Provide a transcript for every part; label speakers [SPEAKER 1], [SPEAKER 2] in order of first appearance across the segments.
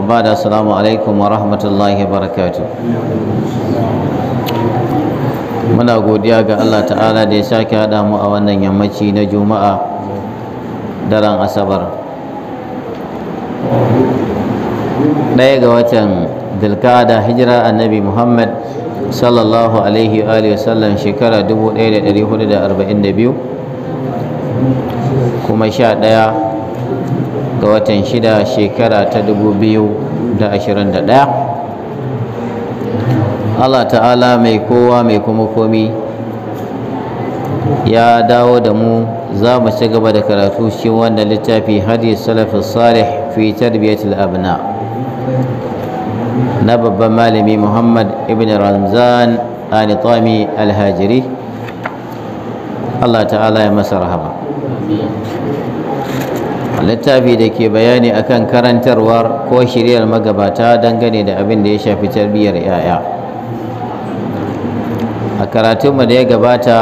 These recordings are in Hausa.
[SPEAKER 1] wa ba da barakatu muna godiya ga Allah ta'ala da ya sake haɗa mu a wannan yammaci na juma'a daren asabar ɗaya ga watan dilkada hijira annabi muhammad shekara sallallahu alaihi wa sallam da 1442 kuma sha ɗaya ga watan shida shekara ta dubu biyu da ashirin da ɗaya Allah ta'ala mai kowa mai kuma komi ya dawo da mu za mu ci gaba da karatu shi wannan littafi hadis salafin salih fi tarbiyatul abna na babban malami muhammad ibn ramzan al-tami al-hajiri Allah ta'ala ya masa rahama littafi da ke bayani akan karantarwar ko shiryar magabata dangane da abin da ya shafi tarbiyyar 'ya'ya a karatunmu da ya gabata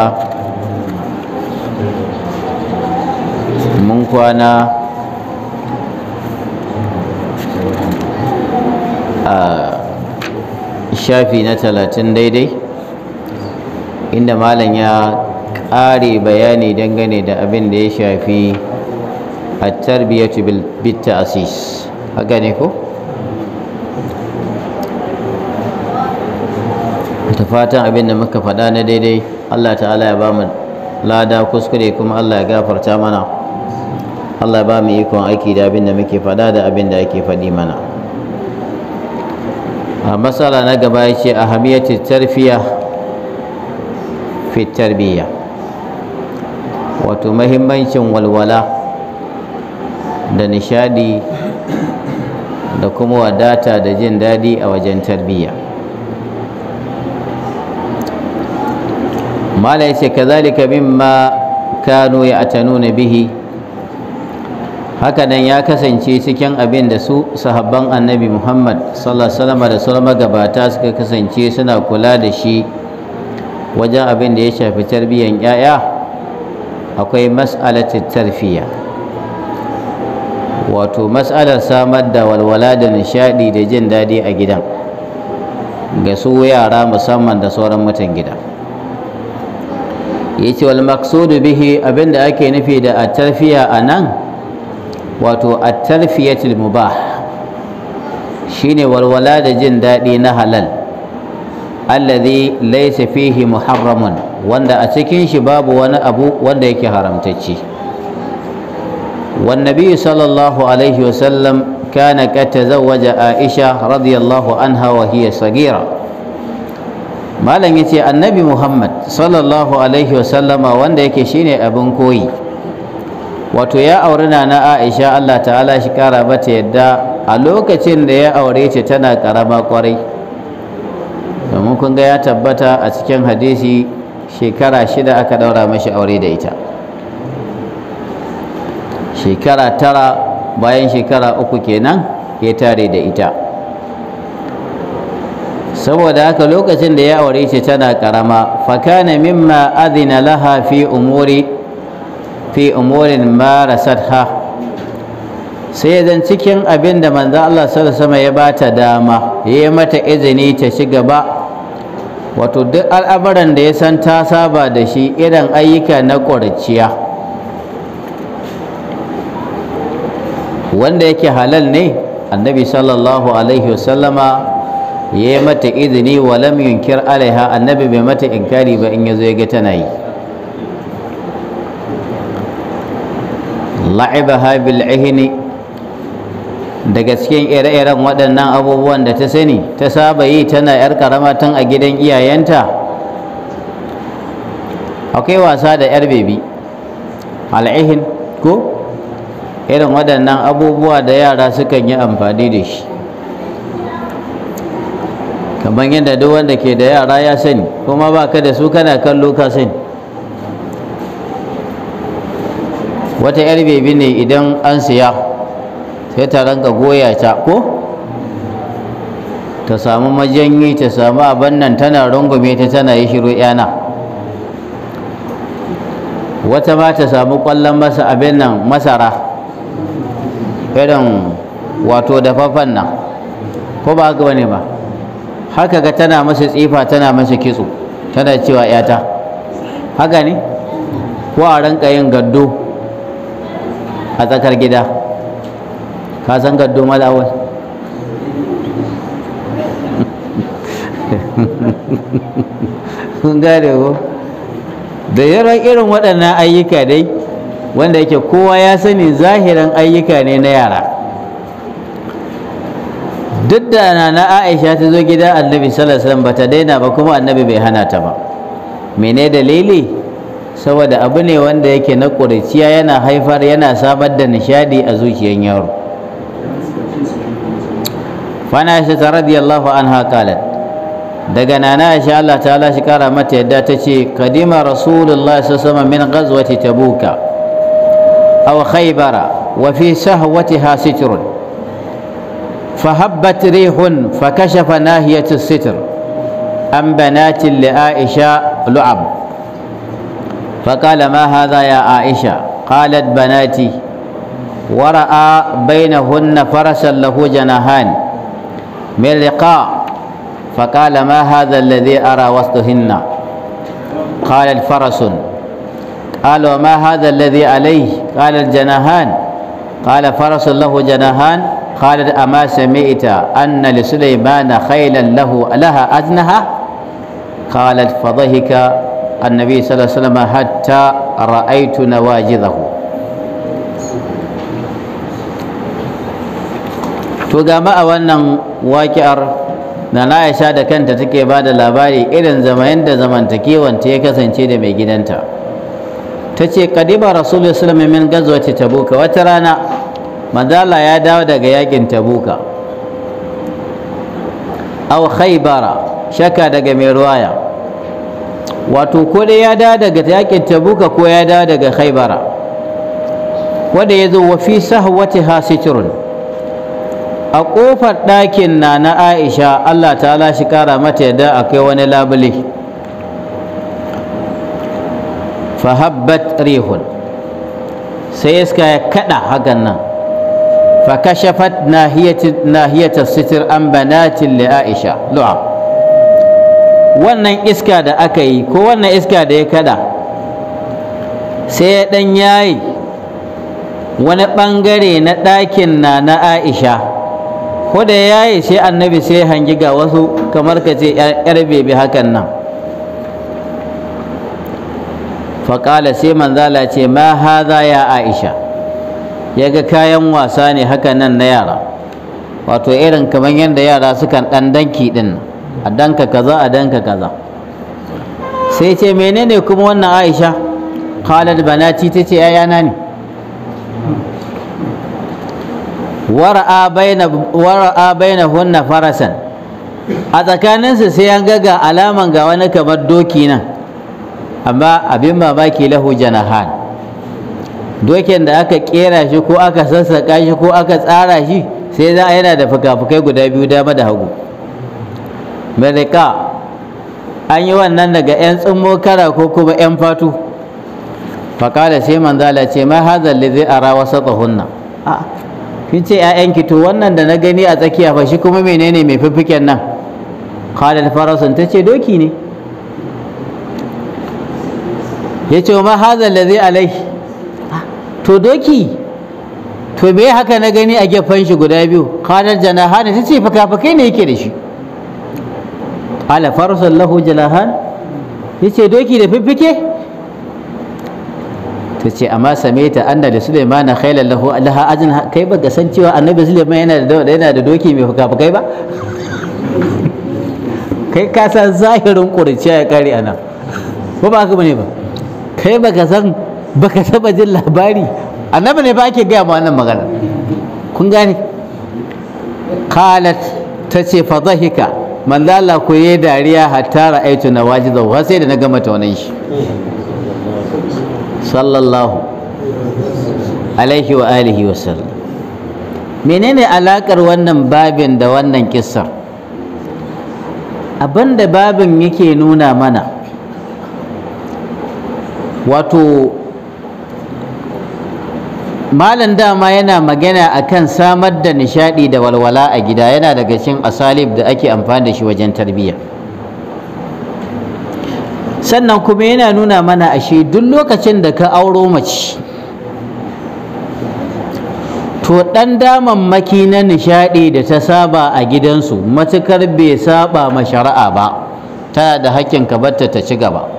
[SPEAKER 1] mun kwana a shafi na talatin daidai inda malam ya ƙare bayani dangane da abin da ya shafi at-tarbiyatu bit ta'sis haka ne ko ta fatan abin da muka faɗa na daidai Allah ta'ala ya ba lada kuskure kuma Allah ya gafarta mana Allah Ya bamu ikon aiki da abin da muke faɗa da abin da ake faɗi mana a matsala na gaba ya ce ahamiyatu tarfiya fi tarbiyya wato mahimmancin walwala da nishadi da kuma wadata da jin daɗi a wajen tarbiyya mala ya ce kazalika mimma kanu ya atanuna bihi hakanan ya kasance cikin abin da su sahabban annabi muhammad sallallahu da salama gabata suka kasance suna kula da shi wajen abin da ya shafi tarbiyyan 'ya'ya akwai mas'alatin tarfiya wato matsalar samar da walwala da nishaɗi da jin daɗi a gidan ga su yara musamman da sauran mutan gida ya ce wal maksudu bihi abinda ake nufi da a tarfiya a nan wato a tarfiyatul mubah shine walwala da jin daɗi na halal allazi laysa fihi muharramun wanda a cikin shi babu wani abu wanda yake haramtacce والنبي صلى الله عليه وسلم كان قد تزوج عائشة رضي الله عنها وهي صغيرة ما لن يتي النبي محمد صلى الله عليه وسلم وانده يكشيني wato ya auri na Aisha Allah ta'ala shi kara mata yadda a lokacin da ya aure ta tana karama kwarai domin kun ya tabbata a cikin hadisi shekara shida aka ɗaura mashi aure da ita shekara tara bayan shekara uku kenan ya tare da ita saboda haka lokacin da ya aure shi tana karama fakana mimma adina laha fi umuri fi umurin marasatha sai zan cikin abin da manzo Allah sallallahu alaihi ya bata dama yayi mata izini ta ci gaba wato duk al'amuran da ya san ta saba da shi irin ayyuka na ƙurciya wanda yake halal ne annabi sallallahu alaihi wasallama ya yi mata izini wa lam yunkir alaiha annabi bai mata inkari ba in yazo ya ga tana yi la'ibaha bil ihni daga cikin ire-iren waɗannan abubuwan da ta sani ta saba yi tana yar karama tun a gidan iyayenta akwai wasa da yar bebi al'ihin ko irin waɗannan abubuwa da yara sukan yi amfani da shi kamar yadda duk wanda ke da yara ya sani kuma ba ka da su kana kallo ka wata yar bebi ne idan an siya sai ta ranka goya ta ko ta samu majanyi ta samu abin nan tana rungume ta tana yi shiru yana wata ma ta samu kwallon masa abin nan masara irin wato dafaffen nan ko ba ga bane ba haka ga tana masa tsifa tana masa kitso tana cewa yata haka ne ko a ranka yin gaddo a tsakar gida ka san gaddo malawal sun gane ko da yaran irin waɗannan ayyuka dai wanda yake kowa ya sani zahirin ayyuka ne na yara duk da nana aisha ta zo gidan annabi sallallahu alaihi wasallam bata daina ba kuma annabi bai hana ta ba mene dalili saboda abu ne wanda yake na ƙuriciya yana haifar yana samar da nishadi a zuciyar yaro fana aisha ta radiyallahu anha qalat daga nana aisha Allah ta'ala shi kara mata yadda ta ce kadima rasulullahi sallallahu alaihi wasallam min ghazwati tabuka أو خيبر وفي سهوتها ستر فهبت ريح فكشف ناهية الستر أم بنات لعائشة لعب فقال ما هذا يا عائشة قالت بناتي ورأى بينهن فرسا له جناهان من لقاء فقال ما هذا الذي أرى وسطهن قالت فرس قال وما هذا الذي عليه قال الجناهان قال فرس له جناهان قال أما سمعت أن لسليمان خيلا له لها أدنها قالت فضحك النبي صلى الله عليه وسلم حتى رأيت نواجذه to gama a wannan waƙi'ar na Aisha da kanta take ba da labari irin zamayen da zamantakewanta ya kasance da mai gidanta ta ce kadiba rasulullah sallallahu alaihi min gazwati tabuka wata rana manzala ya dawo daga yakin tabuka aw khaybara shaka daga mai ruwaya wato ko dai ya dawo daga yakin tabuka ko ya dawo daga khaybara wanda ya zo wa fi sahwatiha sitrun a ƙofar ɗakin na na aisha allah ta shi ƙara mata yadda akwai wani labule fahabbat rihun sai iska ya kada hakan nan fakashafat nahiyata sitir an banatin li aisha lu'a wannan iska da aka yi ko wannan iska da ya kada sai ya dan yayi wani bangare na ɗakin na na aisha ko da yayi sai annabi sai hangi ga wasu kamar ka ce yar bebe hakan nan faƙala sai manzala ce ma haza ya aisha ya ga kayan wasa ne haka nan na yara wato irin kamar yadda yara sukan ɗan danki ɗin a danka kaza a danka kaza sai ce menene kuma wannan aisha qalat banati tace yayana ne wara'a baina wara'a bainahunna farasan a tsakaninsu sai an ga ga alaman ga wani kamar doki nan amma abin mamaki lahu janahan dokin da aka kera shi ko aka sassaka shi ko aka tsara shi sai za a yana da fukafukai guda biyu dama da hagu merika an yi wannan daga 'yan tsummo kara ko kuma 'yan fatu Fakada sai manzala ce ma hazal zai ara wasa tsahunna kin ce 'ya'yanki to wannan da na gani a tsakiya fa shi kuma menene mai fiffiken nan khalal farasun ta ce doki ne ya ce ma hazan da zai alai to doki to me haka na gani a gefen shi guda biyu kanar janahan ta ce fakafakai ne yake da shi ala farusan lahu janahan ya ce doki da fiffike ta ce amma same ta an da suleimana khailan lahu laha ajin kai ba ga san cewa annabi suleiman yana da doki mai fuka-fukai ba kai ka san zahirin ƙurciya ya kare a anan ba ba haka bane ba kai baka san baka taba jin labari annabi ne ba ake gaya ma wannan magana kun gane qalat ta ce fa dhahika manzo Allah ko yayi dariya hatta ra'aytu nawajidahu wa sai da na gama ta wannan shi sallallahu alaihi wa alihi wa sallam menene alakar wannan babin da wannan kissar abinda babin yake nuna mana wato malam dama yana magana akan samar da nishaɗi da walwala a gida yana daga cikin asalib da ake amfani da shi wajen tarbiyya sannan kuma yana nuna mana ashe duk lokacin da ka auro mace to ɗan damammaki na nishaɗi da ta saba a gidansu matukar bai saba ma shari'a ba tana da hakkin ka barta ta ci gaba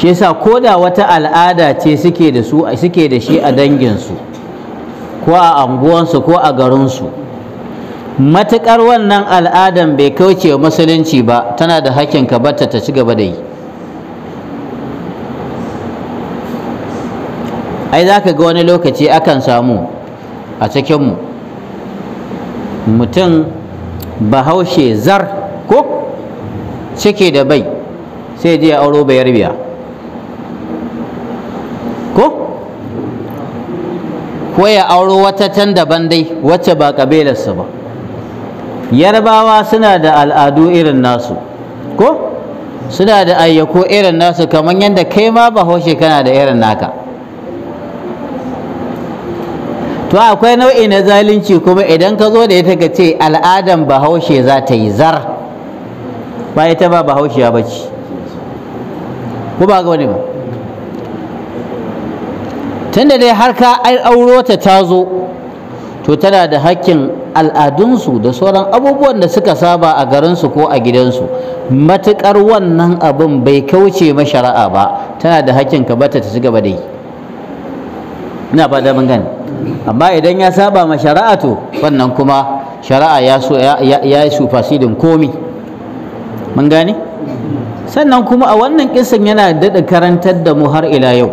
[SPEAKER 1] shi yasa ko da wata al'ada ce suke da su suke da shi a danginsu ko a anguwansu ko a garinsu matuƙar wannan al'adan bai kauce musulunci ba tana da hakkin ka bata ta ci gaba da yi ai za ka ga wani lokaci akan samu a cikinmu mutum bahaushe zar ko cike da bai sai je auro bayar biya ko ko ya auro wata tan daban dai wacce ba kabilarsa ba yarbawa suna da al'adu irin nasu ko suna da ayyako irin nasu kamar yadda kai ma bahaushe kana da irin naka to akwai nau'i na zalunci kuma idan ka zo da ita ka ce al'adan bahaushe za ta yi zar ba ita ba bahaushe ba ce ko ba ga wani ba tunda dai har ka auro ta ta to tana da hakkin al'adunsu da sauran abubuwan da suka saba a garinsu ko a gidansu matuƙar wannan abin bai kauce ma shari'a ba tana da hakkin ka bata ta cigaba da yi ina ba da gani amma idan ya saba ma shari'a to wannan kuma shari'a ya so ya yi sufasidin komi mun gane sannan kuma a wannan kisan yana daɗa karantar da mu har ila yau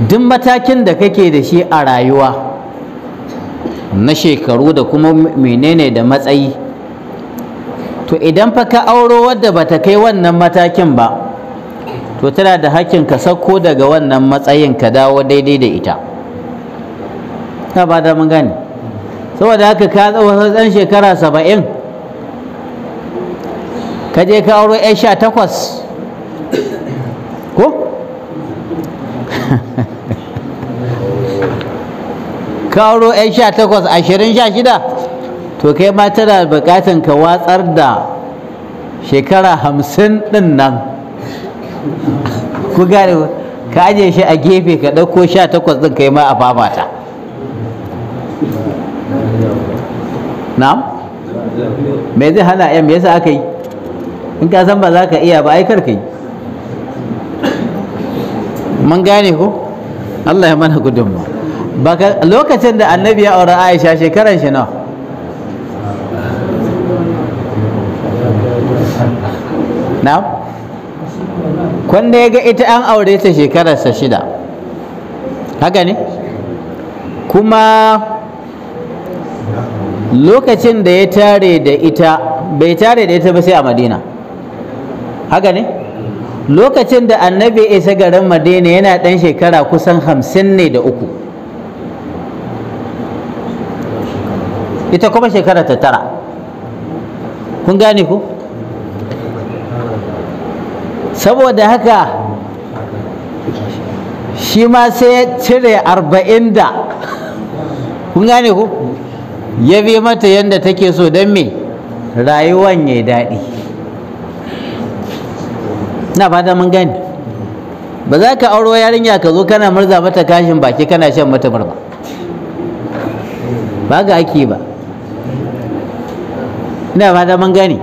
[SPEAKER 1] duk matakin da kake da shi a rayuwa na shekaru da kuma menene da matsayi to idan fa ka auro wadda ba ta kai wannan matakin ba to tana da hakkin ka sauko daga wannan matsayin ka dawo daidai da ita ta ba da mun gane saboda haka ka tsawo ɗan shekara saba'in ka je ka auro 'yan sha takwas ko ka auro 'yan sha takwas ashirin sha shida to kai ma tana buƙatar ka watsar da shekara hamsin ɗin nan ku gane ka aje shi a gefe ka ɗauko sha takwas ɗin kai ma a famata na'am me zai hana 'yan me yasa aka yi in ka san ba za ka iya ba ai ka yi mun gane ko Allah ya mana gudunmu lokacin da annabi ya aure Aisha shekaran shi nawa na kwanda ya ga ita an aure ta shekararsa shida haka ne kuma lokacin da ya tare da ita bai tare da ita ba sai a madina haka ne lokacin da annabi isa garin madina yana ɗan shekara kusan hamsin ne da uku ita kuma shekara ta tara kun gane ku saboda haka shi ma sai cire arba'in da kun gane ku ya bi mata yadda take so don me rayuwan ya daɗi na fata mun gani, ba za ka auro yarinya ka zo kana murza mata kashin baki kana shan mata murba ba ga ake ba ina fata mun gani.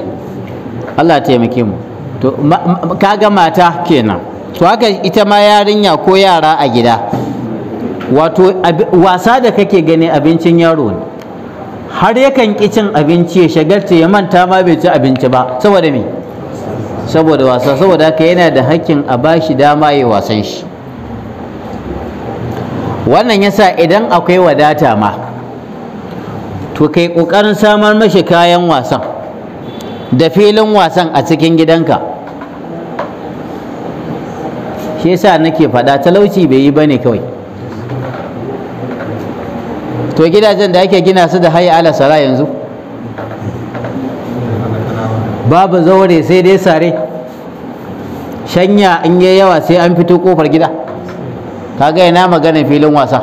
[SPEAKER 1] Allah taimake mu to kaga mata kenan to haka ita ma yarinya ko yara a gida wato wasa da kake gani abincin yaro ne har yakan ki cin abinci ya shagarta ya manta ma bai ci abinci ba saboda me saboda wasa saboda haka yana da hakkin a bashi dama ya wasan shi wannan yasa idan akwai wadata ma to kai kokarin samar mashi kayan wasan da filin wasan a cikin gidanka shi yasa nake faɗa talauci bai yi bane kawai to gidajen da ake gina su da haya ala sara yanzu babu zaure sai dai sare shanya in yi yawa sai an fito kofar gida kaga yana magana filin wasa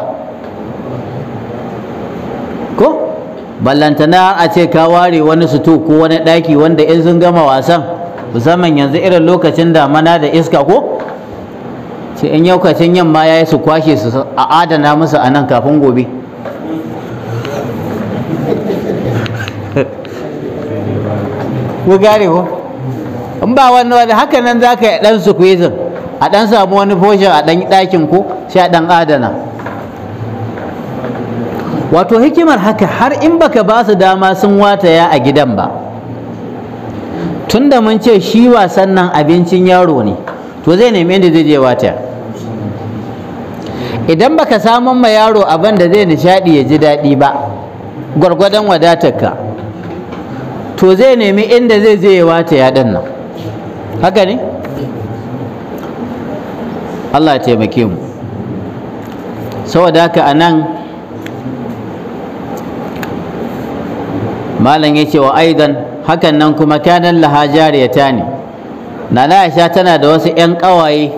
[SPEAKER 1] ko ballantana a ce ka ware wani suto ko wani daki wanda in sun gama wasan musamman yanzu irin lokacin damana da iska ko sai in yaukacin yamma ya yi su kwashe su a adana musu a nan kafin gobe ko gane ko in ba wani wani haka nan za ka yi ɗan kwezin a ɗan samu wani foshin a ɗan ɗakin ko sai a ɗan adana wato hikimar haka har in baka ba su dama sun wataya a gidan ba tunda mun ce shi wasan nan abincin yaro ne to zai nemi inda zai je wataya idan baka samun ma yaro abin da zai nishaɗi ya ji daɗi ba gwargwadon wadatarka to zai nemi inda zai zai wata ya nan haka ne Allah taimake mu saboda haka a nan malam ya ce wa aidan hakan nan kuma kanan ya ne nana aisha tana da wasu 'yan ƙawaye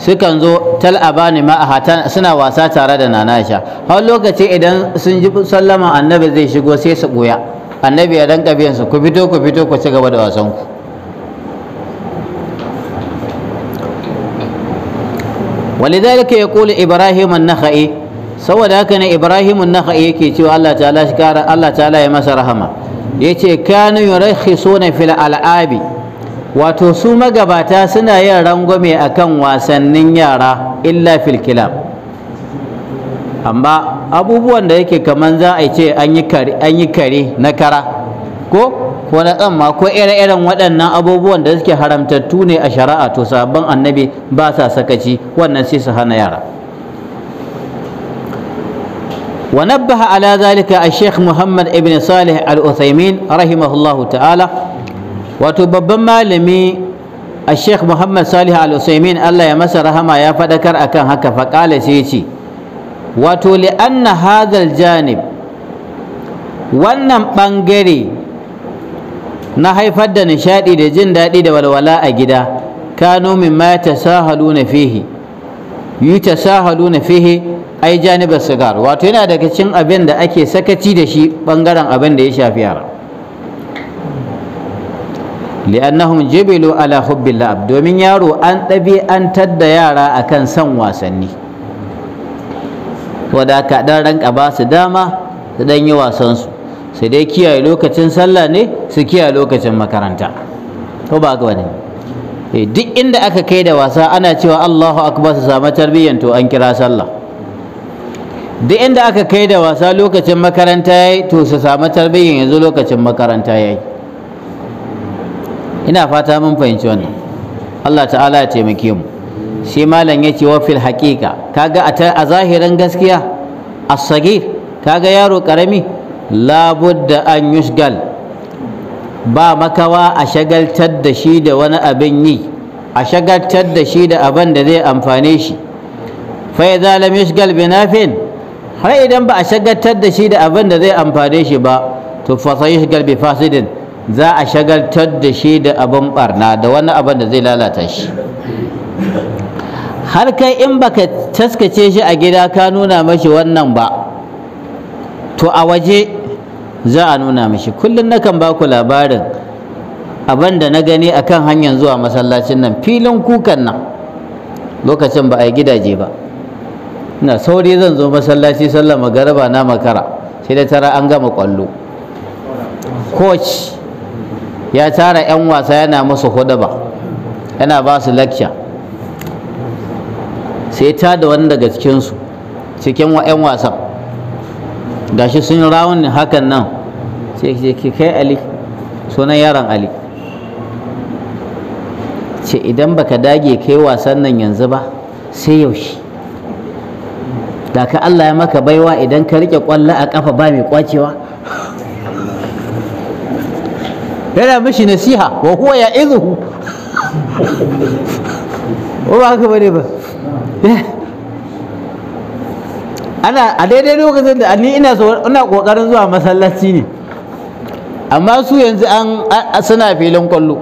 [SPEAKER 1] sukan zo a ma'aha suna wasa tare da nana aisha har lokaci idan sun ji sallama annabi zai shigo sai su goya annabi ya ranka biyan ku fito ku fito ku ci gaba da wasan ku walidhalika yaqulu ibrahim an-nakhai saboda haka ne ibrahim an-nakhai yake cewa Allah ta'ala shi kara Allah ta'ala ya masa rahama yace kanu yurakhisuna fil al'abi wato su magabata suna yin rangwame akan wasannin yara illa fil kilab amma abubuwan da yake kaman za a ce an yi kare na kara ko Wani tsamma ko ire-iren waɗannan abubuwan da suke haramtattu ne a shari'a to sabon annabi ba sa sakaci wannan sai su hana yara ونبه على ذلك الشيخ محمد ابن صالح الأثيمين رحمه الله تعالى وتببما لمي الشيخ محمد صالح الأثيمين الله يمسى رحمه يا فدكر أكان هكا فقال سيتي wato li'anna hadhal janib wannan ɓangare na haifar da nishaɗi da jin daɗi da walwala a gida kano min ma na fihi na fihi ai janibar sigar wato yana daga cikin abin da ake sakaci da shi ɓangaren abin da ya shafi yara li'annahum jibilu ala hubbillah domin yaro an ɗabi'antar da yara akan son wasanni wadda ka dan ranka ba su dama su dan yi wasan su sai dai kiyaye lokacin sallah ne su kiyaye lokacin makaranta ko ba ga wani eh, duk inda aka kai da wasa ana cewa Allahu akbar su samu tarbiyyan to an kira sallah duk inda aka kai da wasa lokacin makaranta yayi to su samu tarbiyyan yanzu lokacin makaranta yayi ina fata mun fahimci wannan Allah ta'ala ya taimake mu shi malam ya ce wafil haƙiƙa kaga a zahirin gaskiya as-sagir kaga yaro ƙarami labudda an yushgal ba makawa a shagaltar da shi da wani abin yi a shagaltar da shi da abin da zai amfane shi fa idza lam yushgal bi nafin har idan ba a shagaltar da shi da abin da zai amfane shi ba to fa Yushgal bi fasidin za a shagaltar da shi da abin barna da wani abin da zai lalata shi har kai in baka taskace shi a gida ka nuna mashi wannan ba to a waje za a nuna mashi kullum nakan ba ku labarin abin da na gani a kan hanyar zuwa masallacin nan filin kukan nan lokacin ba a yi gidaje ba na sauri zan zo masallaci sallar magaraba na makara sai da tara an gama kwallo coach ya tara 'yan wasa yana musu ba yana ba su lecture sai ta da wani daga cikinsu cikin wa'yan wasan gashi sun rawun hakan nan sai ke kai ali sunan yaron ali ce idan baka dage kai wasan nan yanzu ba sai yaushe da ka Allah ya maka baiwa idan ka rike ƙwallo a kafa ba mai kwacewa yana mishi nasiha wa huwa ya izuhu ba haka bane ba Eh. ana a daidai lokacin da ni ina ina kokarin zuwa masallaci ne amma su yanzu an suna filin kwallo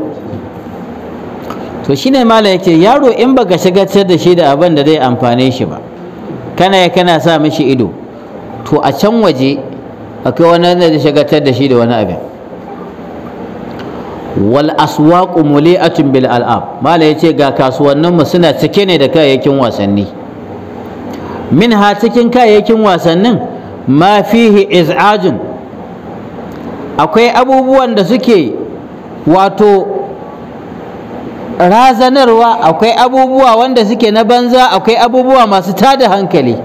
[SPEAKER 1] to shine malam yake yaro in baka shigar da shi da abin da zai amfane shi ba kana kana sa mishi ido to a can waje akwai wani da shigar da shi da wani abin wal aswaqu muli'atun bil al'ab mala yace ga kasuwannin mu suna cike ne da kayayyakin wasanni minha cikin kayayyakin wasannin ma fihi iz'ajun akwai abubuwan da suke wato razanarwa akwai abubuwa wanda suke na banza akwai abubuwa masu tada hankali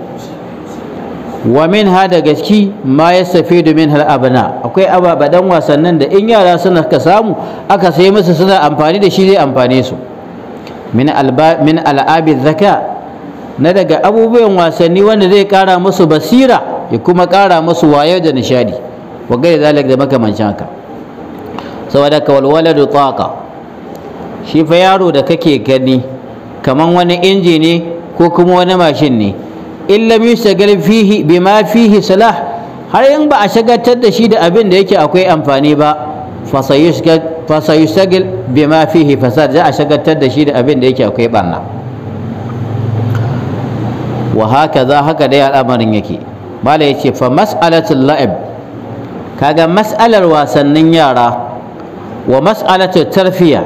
[SPEAKER 1] wa min ha da gaski ma ya safe domin har abana akwai ababadan wasannin da in yara suna ka samu aka sai musu suna amfani da shi zai amfane su min al'abi zaka na daga abubuwan wasanni wanda zai kara musu basira ya kuma kara musu wayo da nishadi wa gaira zalik da makamancin haka saboda ka walwaladu taqa shi fa yaro da kake gani kaman wani inji ne ko kuma wani mashin ne in lam yushtagal fihi bima fihi salah har in ba a shagaltar da shi da abin da yake akwai amfani ba fa fasayushtagal bima fihi fasad za a shagaltar da shi da abin da yake akwai barna wa haka za haka dai al'amarin yake mala yace fa mas'alatul la'ib kaga mas'alar wasannin yara wa mas'alatul tarfiya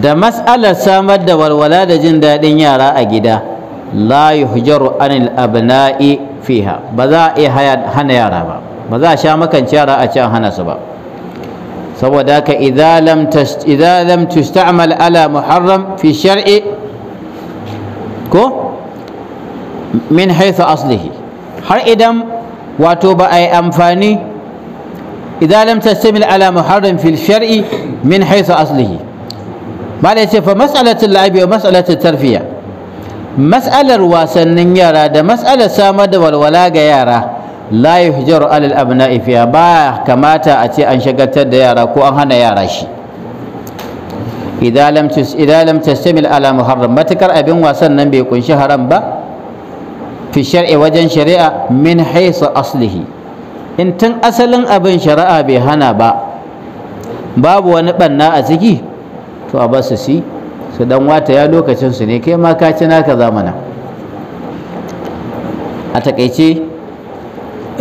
[SPEAKER 1] da mas'alar samar da walwala da jin daɗin yara a gida la yuhjaru anil abna'i fiha ba za a iya hana yara ba ba za a sha makance yara a can hana su ba saboda haka idza lam idza lam tusta'mal ala muharram fi shar'i ko min haythu aslihi har idan wato ba ai amfani idza lam tastamil ala muharram fi shar'i min haythu aslihi bala yace fa mas'alatu al-la'ibi wa mas'alatu tarfiya matsalar wasannin yara da matsalar samar da walwala ga yara la yuhjaru alal abna'i fiya ba kamata a ce an shagaltar da yara ko an hana yara shi idan lam tastamil ala muharram matakar abin wasan nan bai kunshi haram ba fi shar'i wajen shari'a min haisu aslihi in tun asalin abin shari'a bai hana ba babu wani banna a ciki to a basu si su dan wata ya lokacin su ne kai ma ka ci naka zamanin a takaice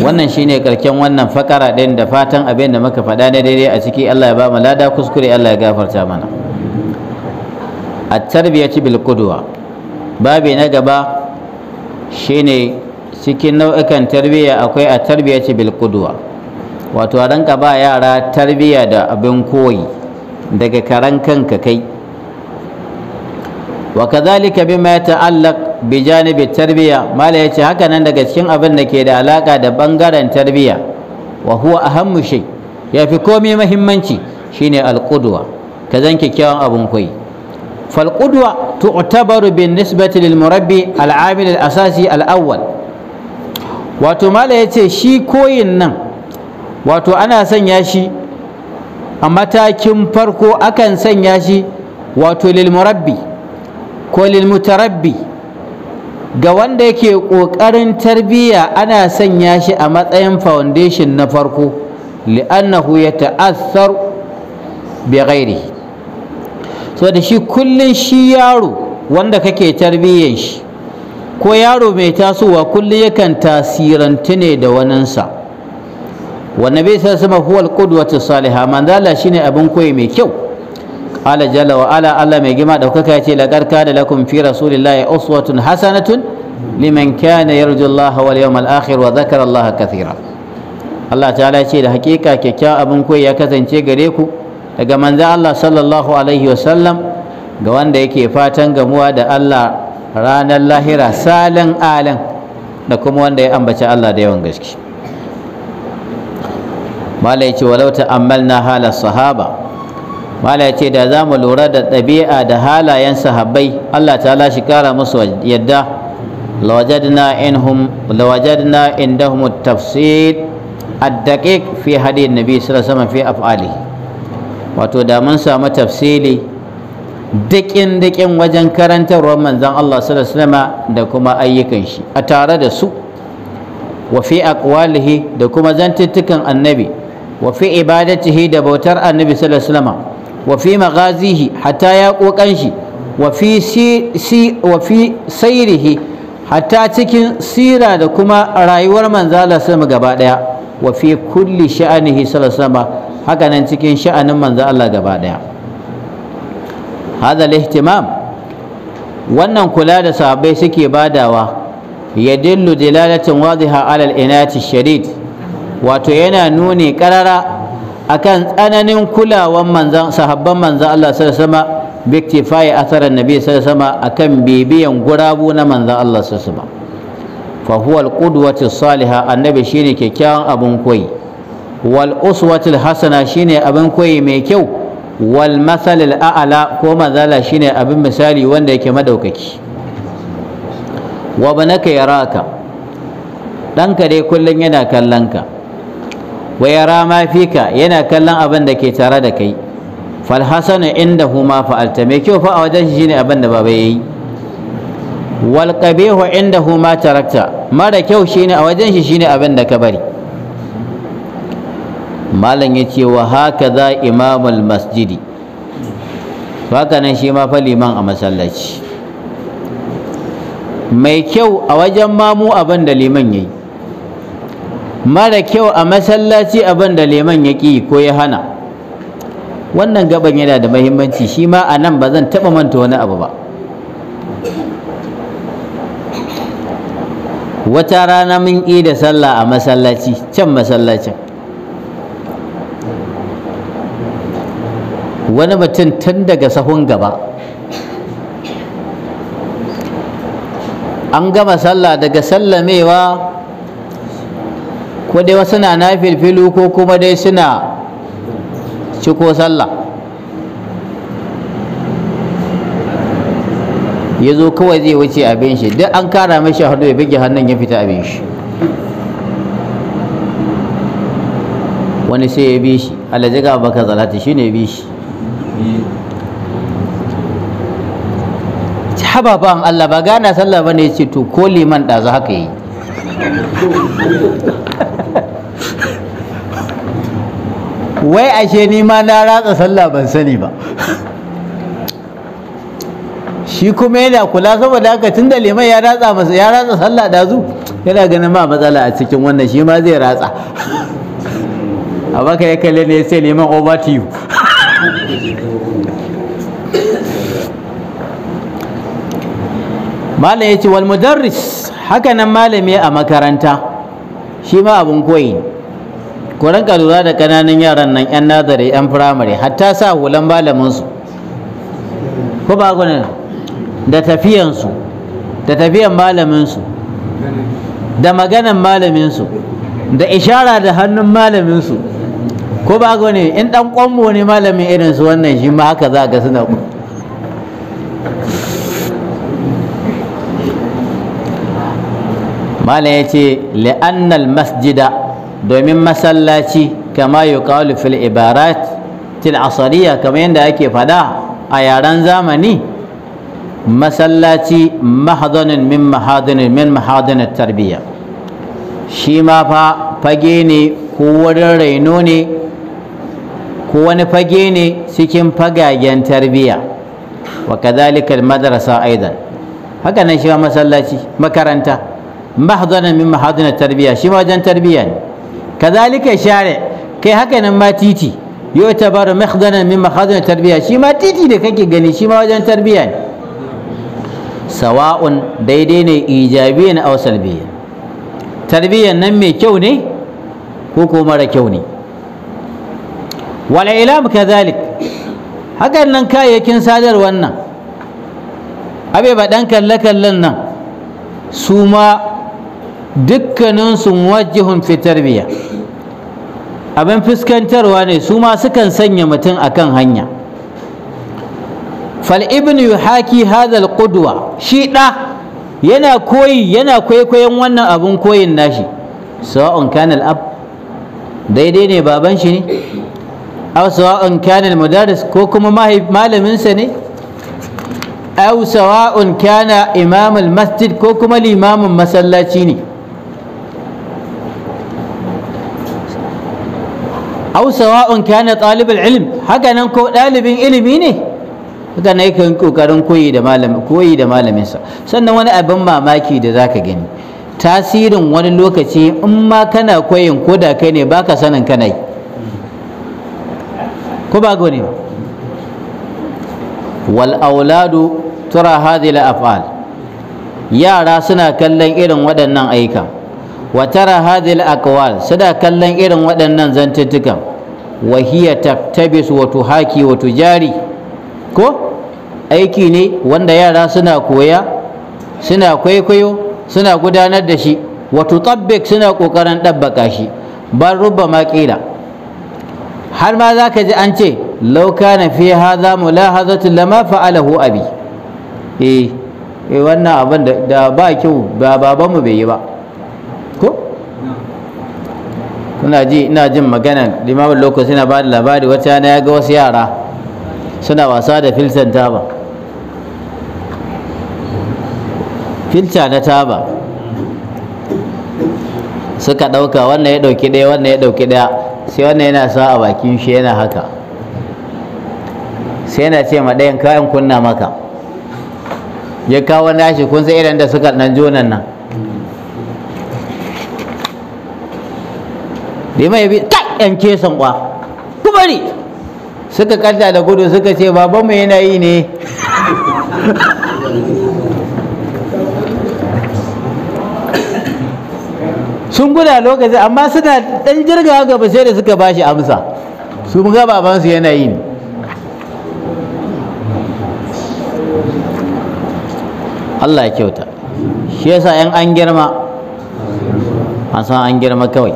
[SPEAKER 1] wannan shine karken wannan fakara din da fatan abin da muka faɗa na daidai a ciki Allah ya ba mu lada kuskure Allah ya gafarta mana a tarbiyyaci bil qudwa babi na gaba shine cikin nau'ikan tarbiyya akwai a tarbiyyaci bil qudwa wato a ranka ba yara tarbiyya da abin koyi daga karan kanka kai wa kadhalika bima ta'allaq bi janibi tarbiya mala yace haka nan daga cikin abin da ke da alaka da bangaren tarbiya wa huwa ahammu shay yafi komai muhimmanci shine alqudwa kazan kyakkyawan abun koyi fal qudwa tu'tabaru bin nisbati lil murabbi al amil al asasi al awwal wato mala yace shi koyin nan wato ana sanya shi a matakin farko akan sanya shi wato lil ko lilmutarabbi ga wanda yake ƙoƙarin tarbiyya ana sanya shi a matsayin foundation na farko li'annahu ya ta'assar bi ghairi so da shi kullun shi yaro wanda kake tarbiyyan shi ko yaro mai tasowa kullun yakan tasirantu ne da waninsa wannabi sallallahu sai sama huwa al-qudwatu salihah manzala shine abin koyi mai kyau qala jalla wa ala Allah mai gima daukaka yace laqad kana lakum fi rasulillahi uswatun hasanatun liman kana yarju Allah wal yawmal wa dhakara Allah kathira Allah ta'ala yace da hakika kyakkyawan abin koyi ya kasance gare ku daga manzo Allah sallallahu alaihi wa sallam ga wanda yake fatan gamuwa da Allah ranar lahira salin alan da kuma wanda ya ambaci Allah da yawan gaske malai ce walau ta'ammalna halar sahaba mala ce da za mu lura da ɗabi'a da halayen sahabbai Allah ta shi kara musu yadda lawajadna inhum lawajadna indahum tafsir ad-daqiq fi hadin nabi sallallahu sama wasallam fi af'ali wato da mun samu tafsili dikin dikin wajen karantarwar manzon Allah sallallahu alaihi wasallam da kuma ayyukan shi a tare da su wa fi aqwalihi da kuma zantuttukan annabi wa fi ibadatihi da bautar annabi sallallahu alaihi wasallam wa fi maghazihi hatta ya kokan shi wa fi sairihi cikin sira da kuma rayuwar manzala sama gaba daya kulli sha'anihi sallallahu haka nan cikin sha'anin manzo Allah gaba daya hadha wannan kula da sahabbai suke badawa ya yadillu dilalatin wadiha ala al-inati sharid wato yana nuni ƙarara. akan tsananin kulawan manzan sahabban manzan Allah sallallahu alaihi wasallam biktifai atharan nabi sallallahu alaihi wasallam akan bibiyan gurabu na manzan Allah sallallahu alaihi wasallam fa huwa alqudwatu salihah annabi shine kyakkyawan abun koyi wal uswatul hasana shine abin koyi mai kyau wal masal al a'la ko mazala shine abin misali wanda yake madaukaki wa banaka yaraka danka dai kullun yana kallon ka wa yara ma fika yana kallon abin da ke tare da kai fal hasanu inda huma fa'alta mai kyau fa a wajen shi shine abin da baba yayi wal qabihu inda huma tarakta mara kyau shine a wajen shi shine abin da ka bari malam yace wa hakaza imamul masjidi haka nan shi ma fa liman a masallaci mai kyau a wajen mamu abin da liman yayi mara kyau a masallaci abin da leman ya ƙi ko ya hana wannan gaban yana da mahimmanci shi ma a nan ba zan taɓa manta wani abu ba wata rana mun ƙi da sallah a masallaci can masallacin wani mutum tun daga sahun gaba an gama sallah daga sallamewa ko dai wasu na filfilu ko kuma dai suna ciko sallah ya zo kawai zai wuce abin shi duk an kara mashi hudu ya bige hannun ya fita abin shi wani sai ya bi shi alajiga baka zalata shi ne ya bi shi haba ba Allah ba gana sallah bane ya ce to ko liman ɗazu haka yi wai ashe ni ma na ratsa sallah ban sani ba shi kuma yana kula saboda haka da liman ya ratsa masa ya ratsa sallah zu yana ganin ba matsala a cikin wannan shi ma zai ratsa A baka kai kalle ne sai liman over to you malam yace wal mudarris haka nan malami a makaranta shi ma abin koyi ku rinka lura da kananan yaran nan 'yan nazari 'yan firamare hatta sa hulan malaminsu ko ba gwanin da tafiyansu da tafiyan malaminsu da maganan malaminsu da ishara da hannun malaminsu ko ba gwanin in ɗan ƙwambo ne malamin irin su wannan shi ma haka za ga suna malam ya ce li'annal masjida domin masallaci kama yuqalu fil ibarat til asariya kamar yadda ake fada a yaren zamani masallaci mahadanin min mahadanin min mahadanin tarbiyya shi ma fa fage ne ko wurin raino ne ko wani fage ne cikin fagagen tarbiyya wa kadhalika madrasa aidan haka nan shi ma masallaci makaranta mahdanan min mahadana tarbiya shi ma wajen tarbiya ne kazalika share kai haka nan ma titi yutabaru mahdanan min mahadana tarbiya shi ma titi da kake gani shi ma wajen tarbiya ne sawa'un daidai ne ijabiyan aw salbiyan tarbiyan nan mai kyau ne ko ko mara kyau ne wal ilam kazalik hakan nan kayayyakin sadarwar nan abe ba dan kalle kallen nan su ma dukkaninsu wajihun fi tarbiyya abin fuskantarwa ne su ma sukan sanya mutum akan hanya fal ibnu haki hadal kuduwa shi ɗa yana koyi yana kwaikwayon wannan abin koyin nashi sawa'un kana ab daidai ne baban shi ne aw sawa'un kana al ko kuma malaminsa ne aw sawa'un kana imam masjid ko kuma limamin masallaci ne aw sawa'un kana talibul ilm haka nan ko dalibin ilimi ne haka nan yake kokarin koyi da malamin koyi da malaminsa sannan wani abin mamaki da zaka gani tasirin wani lokaci in ma kana koyin ko da kai ne baka sanin kana yi ko ba gone ba wal auladu tura hadhihi al af'al yara suna kallon irin waɗannan aika. wa tara hadhihi al aqwal suna kallon irin waɗannan zantuttukan wa hiya taftabis wa tuhaki wa tujari ko aiki ne wanda yara suna koya suna kwaikwayo suna gudanar da shi wa tutabbik suna kokarin dabbaka shi ban rubba ma har ma zaka ji an ce law kana fi hadha mulahazatu lama fa'alahu abi eh eh wannan abin da ba kyau ba babanmu bai yi ba ko muna ji ina jin maganan limamin lokaci yana bada labari wata yana ya ga wasu yara suna wasa da filtan taba filta na taba suka ɗauka wannan ya ɗauki ɗaya wannan ya ɗauki ɗaya sai wannan yana sa a bakin shi yana haka sai yana ce ma ɗayan kayan kunna maka ya kawo nashi kun sai irin da suka ɗan nan nan liman ya bi kai yan kesan kwa ku bari suka karta da gudu suka ce baban mu yana yi ne sun guda lokaci amma suna dan jirga gaba sai da suka bashi amsa su ga su yana yi Allah ya kyauta shi yasa 'yan an girma an san an girma kawai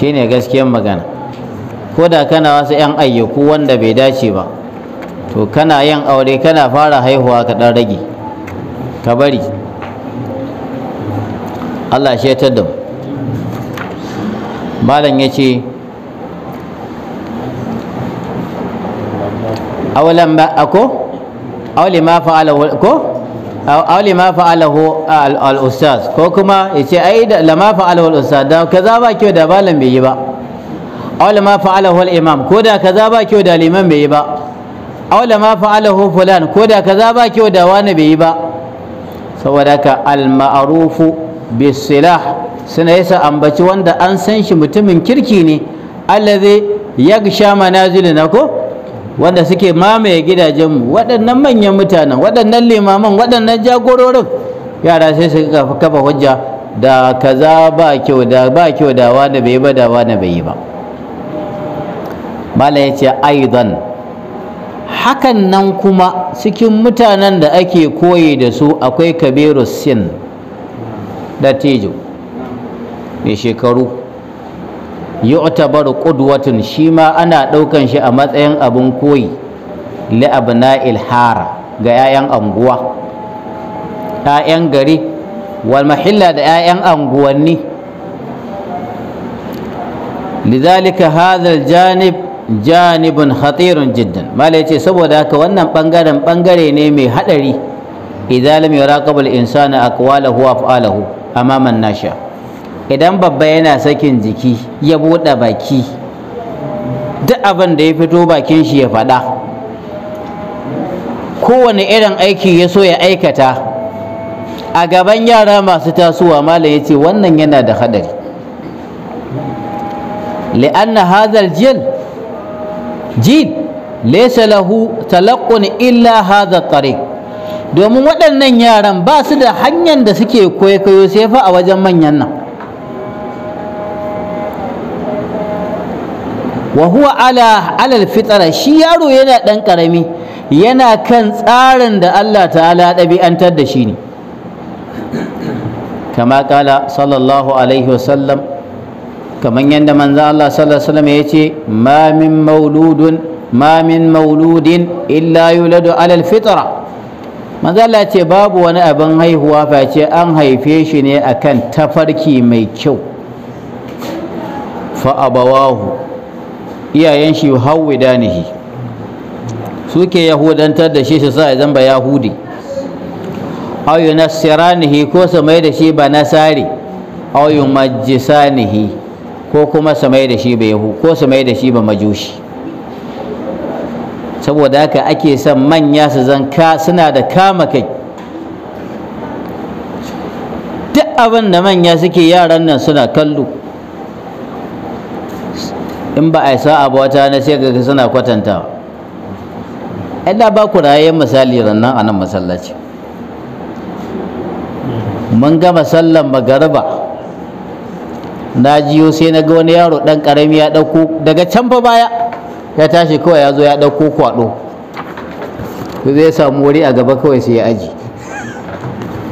[SPEAKER 1] shine gaskiyar magana ko da kana wasu 'yan ayyuku wanda bai dace ba to kana yin aure kana fara haihuwa ka ɗan rage ka bari Allah shi ya da mu malam ya ce awalan ba ako awali ma fa'ala ko aw lima fa'alahu al-ustaz ko kuma yace ai da lama fa'alahu al-ustaz da kaza ba kyau da malam bai yi ba aw lama fa'alahu al-imam ko da kaza ba kyau da liman bai yi ba aw lama fa'alahu fulan ko da kaza ba kyau da wani bai yi ba saboda ka al-ma'rufu bis-silah suna yasa ambaci wanda an san shi mutumin kirki ne allazi yagsha manazilina ko wanda suke mamaye gidajenmu waɗannan manyan mutanen waɗannan limaman waɗannan jagororin yara sai su kafa hujja da kaza ba kyau da ba kyau da wani bai ba da wani bai ba mala ya ce aidan hakan nan kuma cikin mutanen da ake koyi da su akwai kabiru sin da tejo mai shekaru yu'tabaru qudwatun shi ma ana ɗaukan shi a matsayin abun koyi li abna'il hara ga 'ya'yan anguwa 'ya'yan gari wal mahilla da 'ya'yan anguwanni lidhalika hadha janib janibun khatirun jiddan malai ce saboda haka wannan bangaren bangare ne mai hadari idza lam yuraqabul insana aqwalahu wa af'alahu amaman nasha' idan babba yana sakin jiki ya buɗe baki duk abin da ya fito bakin shi ya faɗa kowane irin aiki ya so ya aikata a gaban yara masu tasowa malam ya ce wannan yana da haɗari li'anna hazal jil jid laysa lahu talaqqun illa hadha tariq domin waɗannan yaran ba su da hanyar da suke kwaikwayo sai fa a wajen manyan nan wa huwa ala alal fitara shi yaro yana ɗan ƙarami yana kan tsarin da Allah ta'ala ɗabi'antar da shi ne kama kala sallallahu alaihi wasallam kaman yadda manzo Allah sallallahu alaihi wasallam ya ce ma min mauludun ma min mauludin illa yuladu alal fitra manzo Allah ce babu wani abin haihuwa face an haife shi ne akan tafarki mai kyau fa abawahu iyayen shi hawidanihi suke yahudantar da shi su sa ya zamba yahudi aw nihi ko su mai da shi ba nasari aw nihi ko kuma su mai da shi ba yahu ko su mai da shi ba majushi saboda haka ake son manya su zan ka suna da kama kai duk abin da manya suke yaran nan suna kallo in ba a yi sa'a ba wata na sai ga suna kwatanta ina ba ku rayayyen misali rannan a nan masallaci mun gama sallan magaraba na jiyo sai na ga wani yaro ɗan ƙarami ya ɗauko daga can fa baya ya tashi kawai ya zo ya ɗauko kwaɗo zai samu wuri a gaba kawai sai ya aji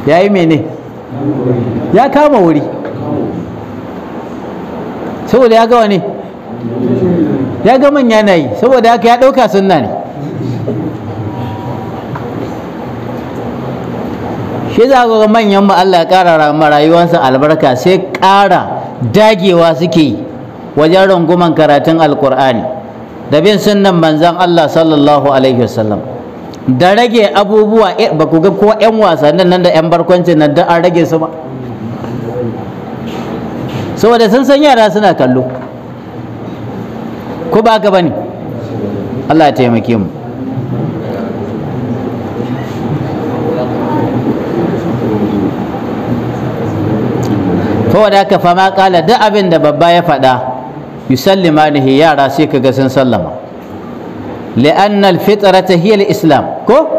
[SPEAKER 1] ya yi mene ya kama wuri saboda ya gawa ne ya ga manya na yi saboda haka ya ɗauka sunna ne shi za ga manyan mu Allah ya ƙara ma rayuwarsa albarka sai ƙara dagewa suke wajen runguman karatun alkur'ani da bin sunnan manzan Allah sallallahu alaihi wasallam da rage abubuwa eh, ba ku ga ko 'yan wasannin nan da 'yan barkwancin nan da an rage su ba saboda sun san yara suna kallo ko ba ka bane Allah ya taimake mu fawada ka fama kala duk abinda babba ya faɗa yusallima nihi yara sai kaga sun sallama li'anna alfitrata hiya islam ko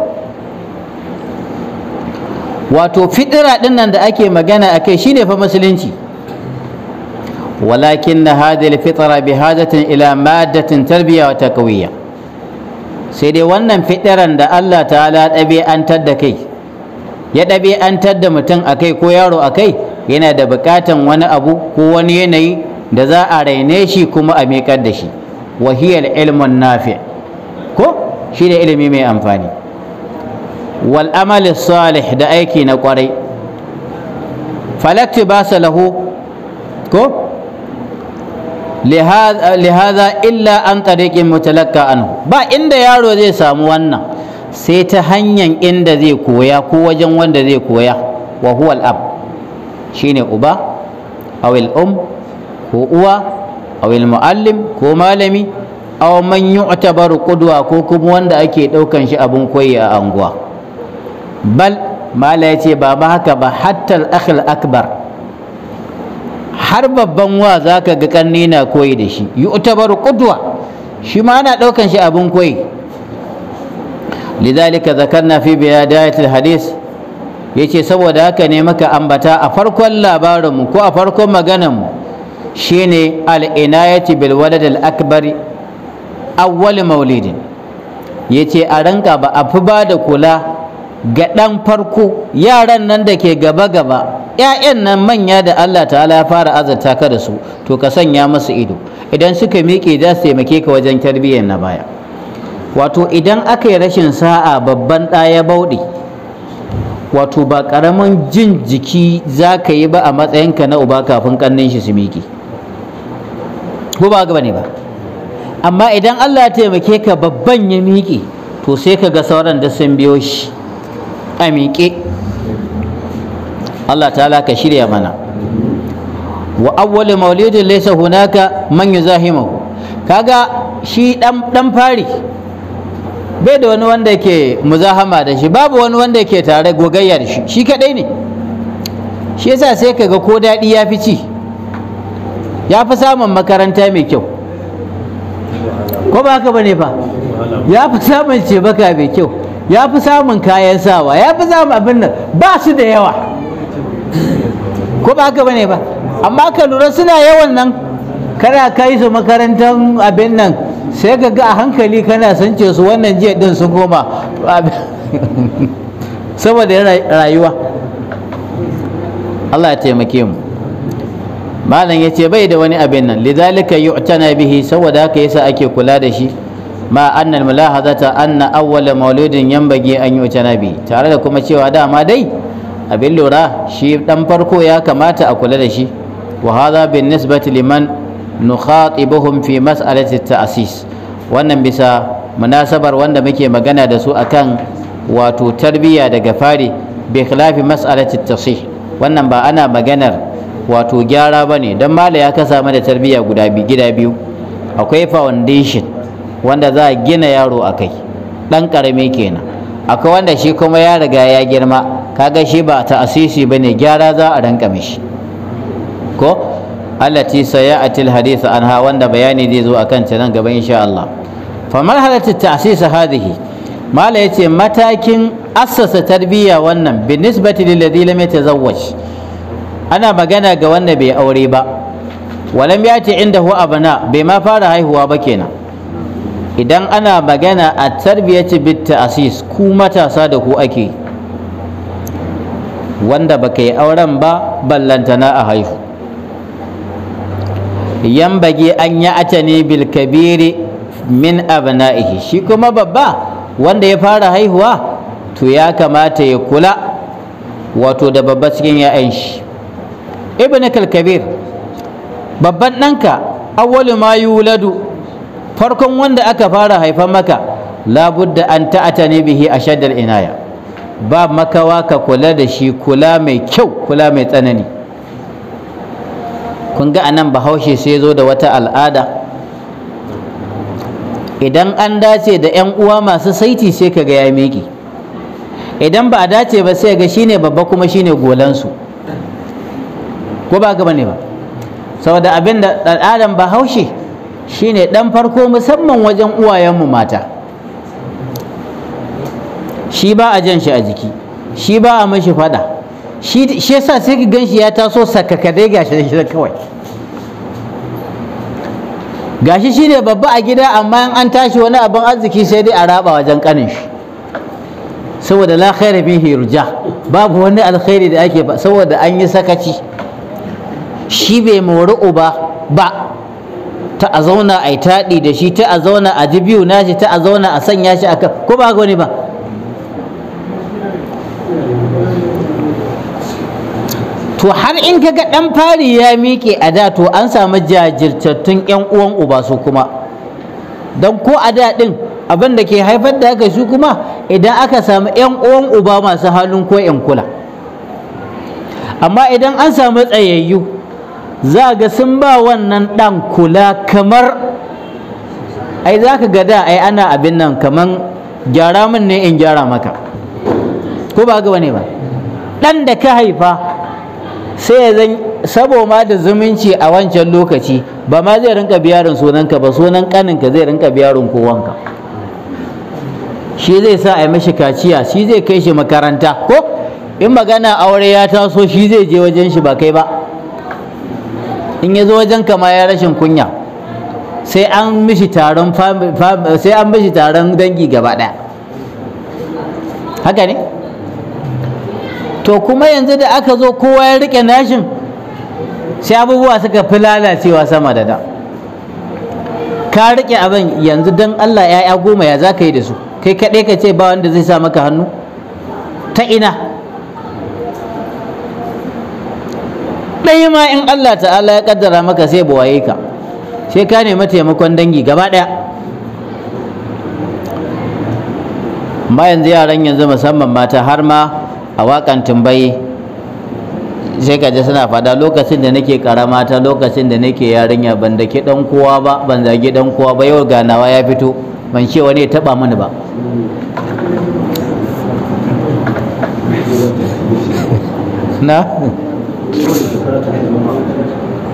[SPEAKER 1] wato fitira ɗinnan da ake magana akai shine fa musulunci ولكن هذه الفطرة بحاجة إلى مادة تربية وتقوية سيدي ونن فطرا دا الله تعالى أبي أن تدكي يدبي أن تد متن أكي كويارو أكي ينا دبكاتا وانا أبو كوان يني دزا أرينيشي كما أميكا دشي وهي العلم النافع كو شيد علمي مي أنفاني والأمل الصالح دا أيكي نقري فلا اقتباس له كو lihaza illa an tariqin mutalakka anhu ba inda yaro zai samu wannan sai ta hanyar inda zai koya ko wajen wanda zai koya wa huwa al-ab shine uba aw al-um ko uwa aw al-muallim ko malami aw man yu'tabar qudwa ko kuma wanda ake ɗaukan shi abin koyi a anguwa bal mala yace ba ba haka ba hattar al akbar har babban wa za ka ga ƙarni na koyi da shi yu'tabar qudwa shi ma ana ɗaukan shi abin koyi lidhalika zakarna fi biyadayatil hadis yace saboda haka ne maka ambata a farkon labarinmu ko a farkon maganarmu shine al-inayati bil walad al-akbari awwal maulidin yace a ranka ba a fi ba da kula ga ɗan farko yaran nan da ke gaba gaba 'ya'yan nan manya da Allah ta'ala ya fara azarta ka da su to ka sanya masu ido idan suka miƙe za su taimake ka wajen tarbiyyar na baya wato idan aka yi rashin sa'a babban ɗa ya bauɗe wato ba ƙaramin jin jiki za ka yi ba a matsayinka na uba kafin ƙannin shi su miƙe ko ba gaba ne ba amma idan Allah ya taimake ka babban ya miƙe to sai ka ga sauran da sun biyo shi a miƙe Allah ta'ala ka shirya mana wa awwal maulidin laysa hunaka man yuzahimu kaga shi dan dan fari bai da wani wanda ke muzahama da shi babu wani wanda ke tare gogayya da shi shi kadai ne shi yasa sai kaga ko daɗi ya fi ci ya fi samun makaranta mai kyau ko ba haka bane fa ya fi samun baka mai kyau ya fi samun kayan sawa ya fi samun abin nan ba su da yawa ko ba haka bane ba amma ka lura suna yawan nan kana kai su makarantar abin nan sai ka ga a hankali kana san ce su wannan jiya din sun koma saboda rayuwa Allah ya taimake mu malam ya ce bai da wani abin nan lidhalika yu'tana bihi saboda haka yasa ake kula da shi ma annal mulahazata anna awwala mauludin yanbagi an yu'tana bihi tare da kuma cewa dama dai abin lura shi dan farko ya kamata a kula da shi wa hadha bin nisbati liman nukhatibuhum fi mas'alati ta'sis wannan bisa munasabar wanda muke magana da su akan wato tarbiyya daga fari bi khilafi mas'alati tasih wannan ba ana maganar wato gyara bane dan mala ya kasa mana tarbiyya guda biyu gida biyu akwai foundation wanda za a gina yaro akai dan karami kenan akwai wanda shi kuma ya riga ya girma kaga shi ba ta asisi ne gyara za a ranka mishi ko allati sayati alhadith anha wanda bayani zai zo akan ta nan gaba insha Allah fa marhalatu ta'sis hadhihi mala yace matakin assasa tarbiyya wannan binisbati lil ladhi lam yatazawwaj ana magana ga wanda bai aure ba walam yati indahu bana bai ma fara haihuwa ba kenan idan ana magana a tarbiyyati bit ta'sis ku matasa da ku ake wanda baka yi auren ba ballantana a haihu bage an ya atani bil kabiri min abna'ihi shi kuma babba wanda ya fara haihuwa to ya kamata ya kula wato da babba cikin ya'yan shi ibn kalkabir babban ɗanka awwalu ma yuladu farkon wanda aka fara haifan maka labudda an ta'atani bihi ashaddal inaya ba makawa ka kula da shi kula mai kyau kula mai tsanani kun ga anan bahaushe sai zo da wata al'ada idan an dace da 'yan uwa masu saiti sai ka ga ya miƙe idan ba a dace ba sai ga shine babba kuma shine golansu ko ba gaba ne ba saboda abin da al'adan bahaushe shine dan farko musamman wajen uwayenmu mata shi ba a jan shi a jiki shi ba a mashi fada shi yasa sai ki ganshi ya taso dai gashi shi kawai gashi ne babba a gida amma in an tashi wani abin arziki sai dai a raba wajen kanin shi saboda la khaira bihi ruja, babu wani alkhairi da ake saboda an yi sakaci shi bai mori uba ba ta a zauna a yi taɗi da shi ta a zauna a ji biyu na shi ta a zauna a sanya shi a kan ko ba wani ba to har in kaga dan fari ya miƙe a da to an samu jajirtattun yan uwan uba su kuma don ko a da din abin da ke haifar da haka su kuma idan aka samu yan uwan uba masu halin ko yan kula amma idan an samu tsayayyu za ga sun ba wannan dan kula kamar ai za ka ga da ai ana abin nan kamar gyara min ne in gyara maka ko ba ga wane ba Dan da ka haifa sai ya zan sabo ma da zumunci a wancan lokaci ba ma zai rinka biyarin sunanka ba sunan kaninka zai rinka biyarin kowanka shi zai sa a yi mashi kaciya shi zai kai shi makaranta ko in magana aure ya taso shi zai je wajen shi ba kai ba in ya zo wajen kama ya rashin kunya sai an mishi taron sai an mishi taron dangi gaba ɗaya haka ne to kuma yanzu da aka zo kowa ya rike nashin sai abubuwa suka fi lalacewa sama da da ka rike abin yanzu don allah ya goma ya za ka yi da su kai kaɗai ka ce ba wanda zai sa maka hannu ta ina ɗaya ma in allah ta'ala ya ƙaddara maka sai buwaye ka sai ka nemi taimakon dangi gaba ɗaya Ba yanzu yaran yanzu musamman mata har ma a waƙan tumbai sai kaje suna fada lokacin da nake karama ta lokacin da nake yarinya ban da ke dan kowa ba ban zage dan kowa ba yau ganawa ya fito ban ce wani ya taba mani ba na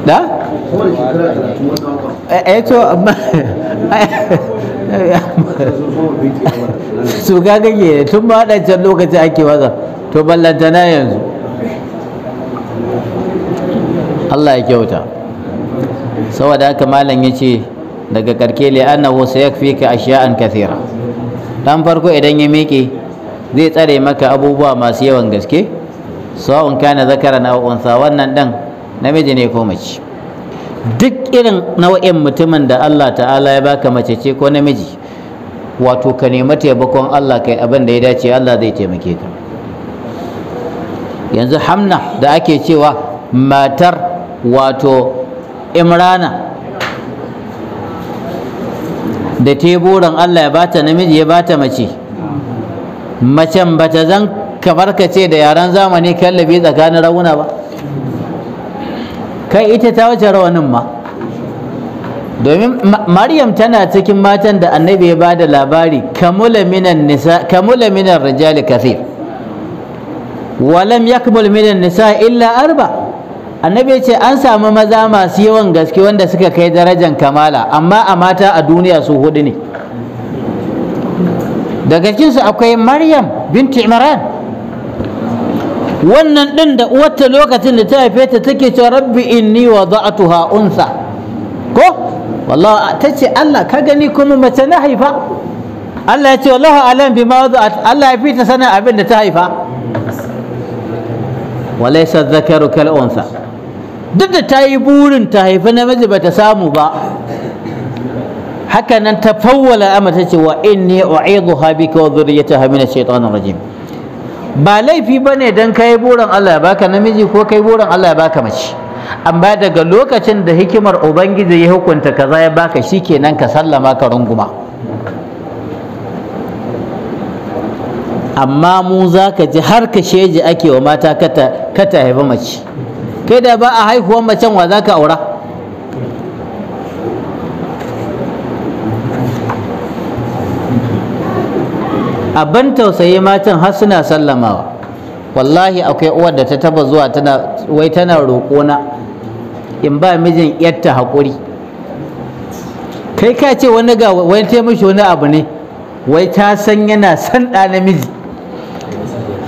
[SPEAKER 1] da eh to amma su ga gage tun ba wadancan lokaci ake waza to na yanzu Allah ya kyauta saboda haka malam ya ce daga karke li'annahu sayakfika ashya'an kathira dan farko idan ya miƙe zai tsare maka abubuwa masu yawan gaske sawa'un kana zakaran aw unsa wannan dan namiji ne ko mace duk irin nau'in mutumin da Allah ta'ala ya baka mace ce ko namiji wato ka nemi taimakon Allah kai abin da ya dace Allah zai taimake ka yanzu hamna da ake cewa matar wato imrana da teburan allah ya bata namiji ya bata mace macen bata zan kamar ka ce da yaren zamani kallabi tsakanin rauna ba kai ita ta wace rawanin ma domin maryam tana cikin matan da annabi ya ba da labari kamula minan rijali kathir walam yakmul minan nisa illa arba annabi ce an samu maza masu yawan gaske wanda suka kai darajar kamala amma a mata a duniya su hudu ne daga cikinsu akwai maryam binti imran wannan din da uwarta lokacin da ta haife ta take cewa rabbi inni wada'tuha unsa ko wallahi ce Allah ka gani kuma mace na haifa Allah ya ce wallahu alam bi ma wada'at Allah ya ta sanin abin da ta haifa walaisa zakaru kal'unsa duk da ta yi burin ta haifi namiji bata samu ba Hakanan ta fawwala amma ce wa inni u'idhuha bika wa dhurriyyataha min ash-shaytanir rajim ba laifi bane dan kai burin Allah ya baka namiji ko kai burin Allah ya baka mace amma daga lokacin da hikimar ubangiji ya hukunta kaza ya baka shi shikenan ka sallama ka runguma amma mu za ka ji har ka sheji ake wa mata kata haifa mace kai da ba a haihuwar macen wa za ka aura abin tausayi matan har suna sallamawa wallahi akwai uwar da ta taba zuwa tana wai tana roƙona in ba mijin yatta haƙuri kai ka ce wani ga wani taimaki wani abu ne wai ta san yana san ɗa namiji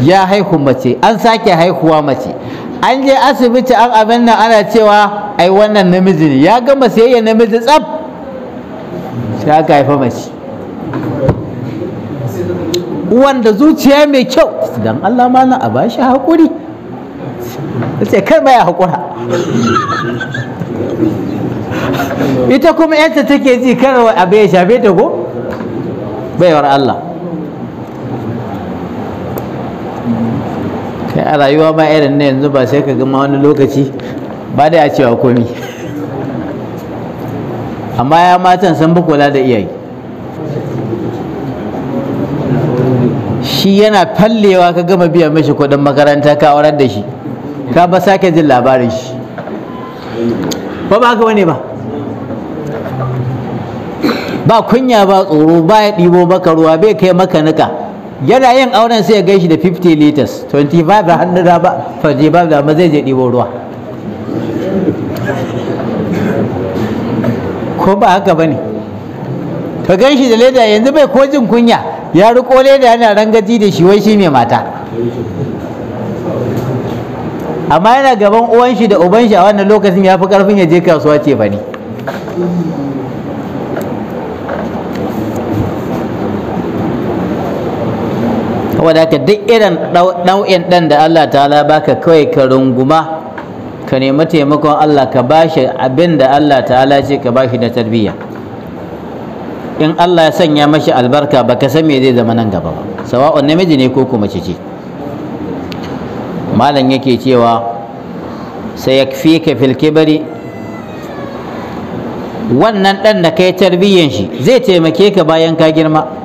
[SPEAKER 1] ya haihu mace an sake haihuwa mace an je asibiti an abin nan ana cewa ai wannan namiji ne ya gama sayayya namiji tsaf sai aka haifa mace wanda zuciya mai kyau dan Allah na a bashi hakuri sai kai ma ya hakura ita kuma yanta take ji kar abin ya shafe ta ko baiwar Allah kai a rayuwa ba irin na yanzu ba sai ka gama wani lokaci ba da ya cewa komi amma ya matan san kula da iyayi shi yana fallewa ka gama biya mashi kudin makaranta ka aurar da shi ka ba sake jin labarin shi ba ba ka wani ba ba kunya ba tsoro ba ya ɗibo maka ruwa bai kai maka nika yana yin auren sai ya gai shi da 50 liters 25 da hannu da ba faje ba da zai je ɗibo ruwa ko ba haka ba ne ka gan shi da leda yanzu bai ko jin kunya ya riko leda yana rangaji da shi wai shi mai mata amma yana gaban uwan shi da uban shi a wannan lokacin ya fi karfin ya je kasuwa ce ba ne saboda duk irin nau'in ɗan da Allah ta'ala baka kawai ka runguma ka nemi taimakon Allah ka bashi abin da Allah ta'ala ce ka bashi na tarbiyya in Allah ya sanya mashi albarka baka san me zai zama nan gaba ba sawa'un namiji ne ko kuma ce malam yake cewa ka fil kibari wannan ɗan da ka yi tarbiyyan shi zai taimake ka bayan ka girma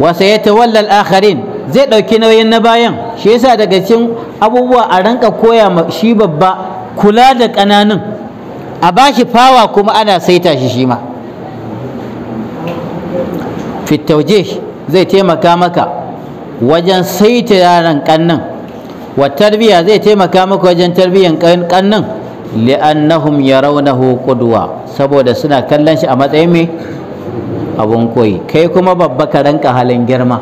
[SPEAKER 1] wasa ya tawallal akharin zai ɗauki nauyin na bayan shi yasa daga cikin abubuwa a ranka koya ma shi babba kula da ƙananun a ba shi fawa kuma ana saita shi shi ma fitauje zai taimaka maka wajen saita yaran ƙannan wa tarbiya zai taimaka maka wajen tarbiyyan ƙannan li'annahum yarawnahu qudwa saboda suna kallon shi a matsayin mai abun koyi kai kuma babba ka ranka halin girma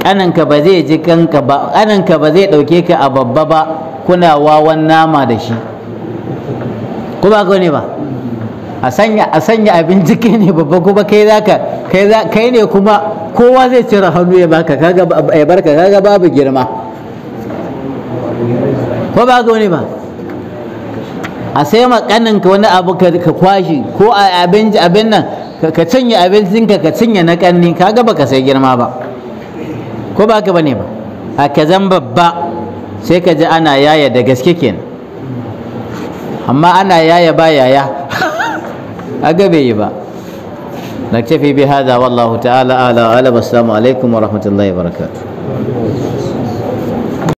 [SPEAKER 1] kananka ba zai ji kanka ba ƙaninka ba zai ɗauke ka a babba ba kuna wawan nama da shi ko ba ne ba a sanya a sanya abin jiki ne babba kuma kai zaka kai za kai ne kuma kowa zai cire hannu ya baka kaga ya barka kaga babu girma ko ba ne ba a sai makanin ka wani abu ka kwashi ko a abinci abin nan ka cinye abincin ka cinye na kanni kaga baka sai girma ba ko ba ka bane ba a zan babba sai ka ji ana yaya da gaske kenan amma ana yaya ba yaya a bai yi ba naktafi bi hada wallahu ta'ala ala ala samu alaikum wa rahmatullahi wa barakatuh